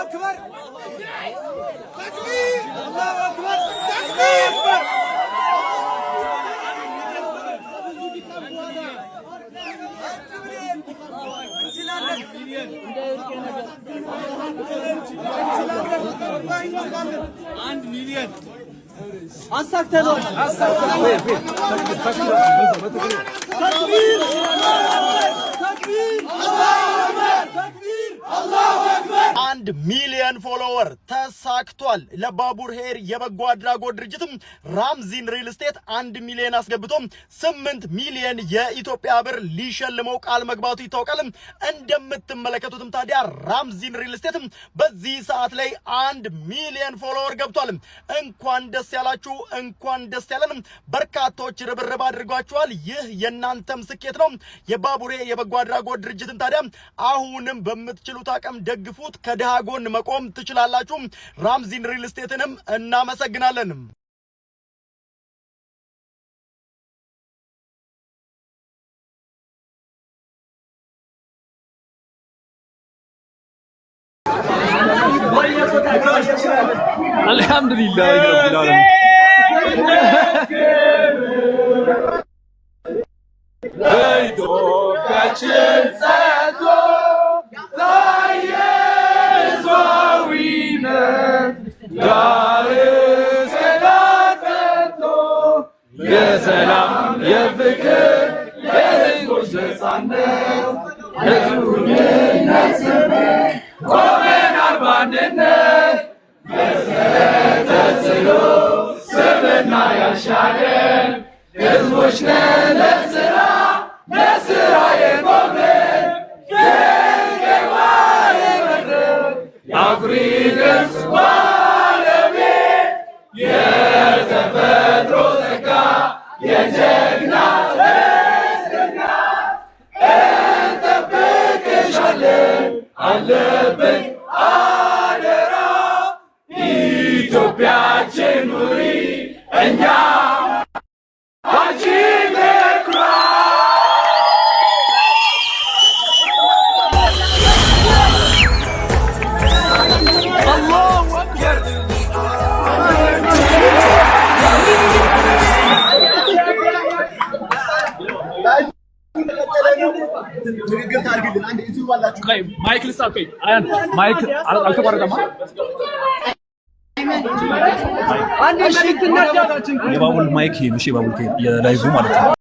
Ekber! Tekbir! Allahu Ekber! Tekbir! And million. Assak terör. Assak terör. Takbir. Takbir. አንድ ሚሊዮን ፎሎወር ተሳክቷል። ለባቡር ሄር የበጎ አድራጎት ድርጅትም ራምዚን ሪል ስቴት አንድ ሚሊዮን አስገብቶ ስምንት ሚሊዮን የኢትዮጵያ ብር ሊሸልመው ቃል መግባቱ ይታወቃል። እንደምትመለከቱትም ታዲያ ራምዚን ሪል ስቴትም በዚህ ሰዓት ላይ አንድ ሚሊየን ፎሎወር ገብቷል። እንኳን ደስ ያላችሁ፣ እንኳን ደስ ያለን። በርካታዎች ርብርብ አድርጓችኋል። ይህ የእናንተም ስኬት ነው። የባቡሬ የበጎ አድራጎት ድርጅትም ታዲያ አሁንም በምትችሉት አቅም ደግፉት። ከድሃ ጎን መቆም ትችላላችሁ። ራምዚን ሪል ስቴትንም እናመሰግናለን። አልሐምዱሊላህ የሰላም የፍቅር የህዝቦች ነፃነት የህዝቡን ነስብ ቆመናል ባንድነት ተስሎ ስብና ያሻገር ህዝቦች ነን ለስራ ለስራ የቆምን የገባ የመድር የአኩሪ ገጽ የጀግና መስገናት እንጠብቅሻለን አለብን አደራ ኢትዮጵያችን ኑሪ እኛ ማይክ ልስጥ አልከኝ። ማይክ አልተቋረጠማ። የባቡል ማይክ የባቡል የላይቭ ማለት ነው።